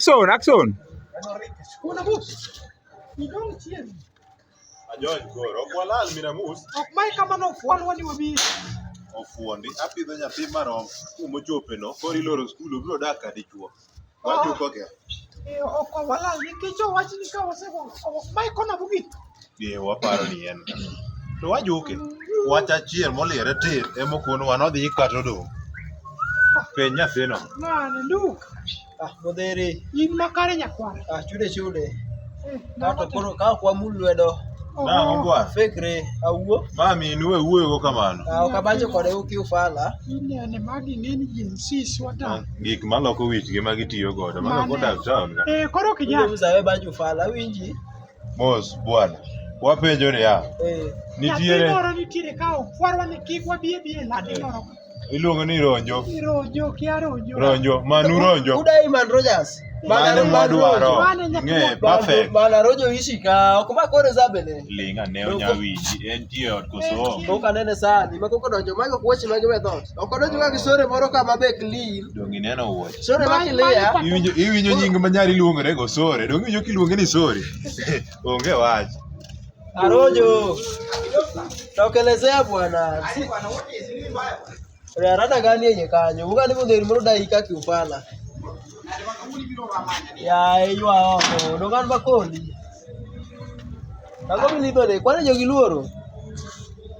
Axon, Axon. ofuondi e apidho nyathi marom kuma ochopeno koro iloro skul obiro dak kadichuo wajukoke ah. e, e waparo ni en to wajuke wach achiel moliere tir emokonowa nodhi kata ah. odong' penj nyathino Ah, muthiri ah, chude nyakware chure chure eh, natokoro ka kwamulu lwedo nangwa fikri awuo mami nuwe wuoyo go kamano ah, ok abanjo kode ukiufala inene magi ng'eny jinsis wadak gik maloko wichgi magitiyo godo maloko dak town eh koro kijausawe banjo ufala winji mos bwana wapenjo niya eh. nitiere moro nitiere ka okwarwa ni kik wabi abi e ladi Iluongo ni ronjo. Ronjo, kia Ronjo. Ronjo, Manu Ronjo. Udai Man Rogers. Mano madwaro. Ng'e, perfect. Mana Ronjo ishi ka, ok ma kore za bene. Linga ne onyawiji, entie ot koso. Tok nene saani. ma koko donjo, ma koko weche mage thot. Oko odonjo kaki sore moro ka mabe clean. Dong neno wuoch. Sore maki lea. Iwi nyo nying ma luongo rego sore. sore. nyo ki luongo ni sore. Onge wach. Arojo. Tokelezea bwana. Bwana, what is ni mbaya? Unairada gani yenye kanyo? Muka ni mutheri muru daika kiupana. Ya iyo hapo. Ndokan bakoli. Tango milido de kwani jogi luoro.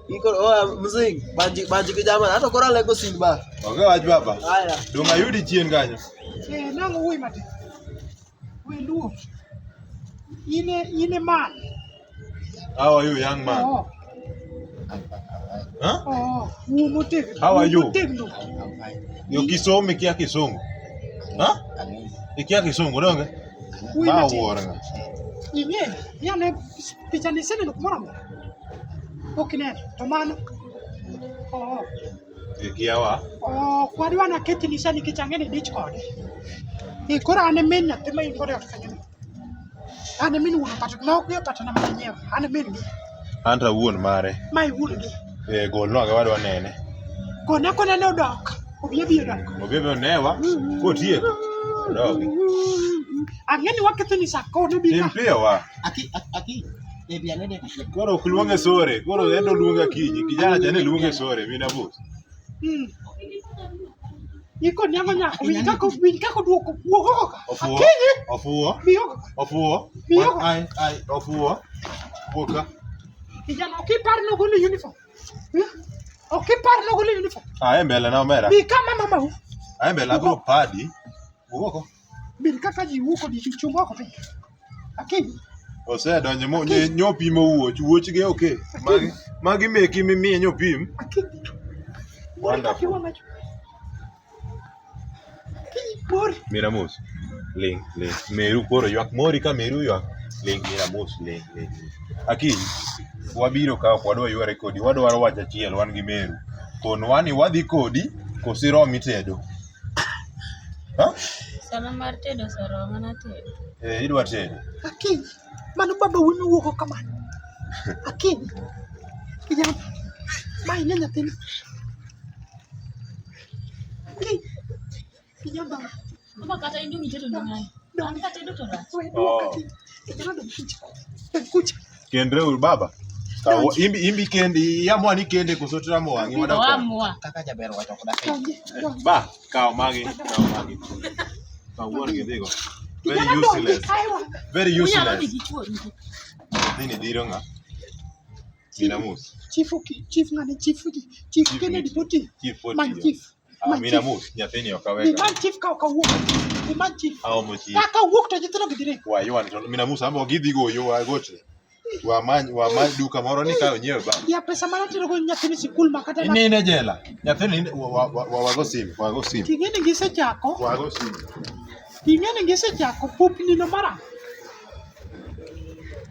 Iko oya mzing banji banji kijama hata kora lego simba. Okay waj baba. Haya. Dunga yudi chien kanyo. Eh nango wuy mati. Wuy luo. Ine ine man. How are you young man? Oh. Oh, oh, yo kisome kya kisungu ikya kisungu donge baworenga inye yane pichani sene nukumaramo okinene tomano oo oh, ikiawa oo kwariwa na keti nishani kichangene dichkod ikora ane min nyathi ma ingore ane min wuon opata ma ok opata na ane min gi an mare ma iwuon gi Eh, e gol no agewaro anene gone kone ne odok obie bie odok obie bie onewa kotieko odogi ang'e ni waketho ni sa kone bika impiyowa aki aki e koro ok sore koro endo luonga kinyi kijana cha ne luonge sore min abus hmm. ikoniango nyako winj kaka winj kaka oduoko wuok oko ka akinyi ofuwo ofuwo ofuwo ai ai ofuwo wuok kijana ok ipar nogolo uniform Okipari logo lini nifo. Ah, embele eh, na omera. Bi kama mama hu. Ah, embele eh, agro padi. Uko. Bi kaka ji uko di chungo ko piny. Akini. Ose donje mo nye nyopi mo wuoch, wuoch oke. Magi magi meki mimiye nyopim. Akini. Wonderful. Por. Mira mos. Ling, ling. Meru koro ywak mori ka meru ywak. Ling, mira mos, ling, ling. Akini wabiro ka ok wadwa yware kodi wadwaro wach achiel wan gi Meru konwa ni wadhi kodi kosi rom itedo sama mar tedo soroma natedo eh idwa tedo akinyi mano baba wuonu wuoko kamano akinyi kijana mae ne nyathini oh. akinyi kijana kata baba imbikendi yamwa ni kende kusotera mowangi wada ko kaka jabero wacho kuda ba kao magi kao magi ba won ke digo very useless very useless nini diro minamus chief chief ngani chief chief kene ah, dipoti chief man chief minamus nyafeni okaweka man chief ka okawuok man chief aomo chief kaka gidire wa yuan minamus ambo gidhigo yo agotre wamanyi duka moro ni kayo nyewe bana ya pesa mana tiro ko nyathini sikul makata ni ne jela nyathini wago simu wago simu tingene ngise chako wago simu tingene ngise chako pupni no mara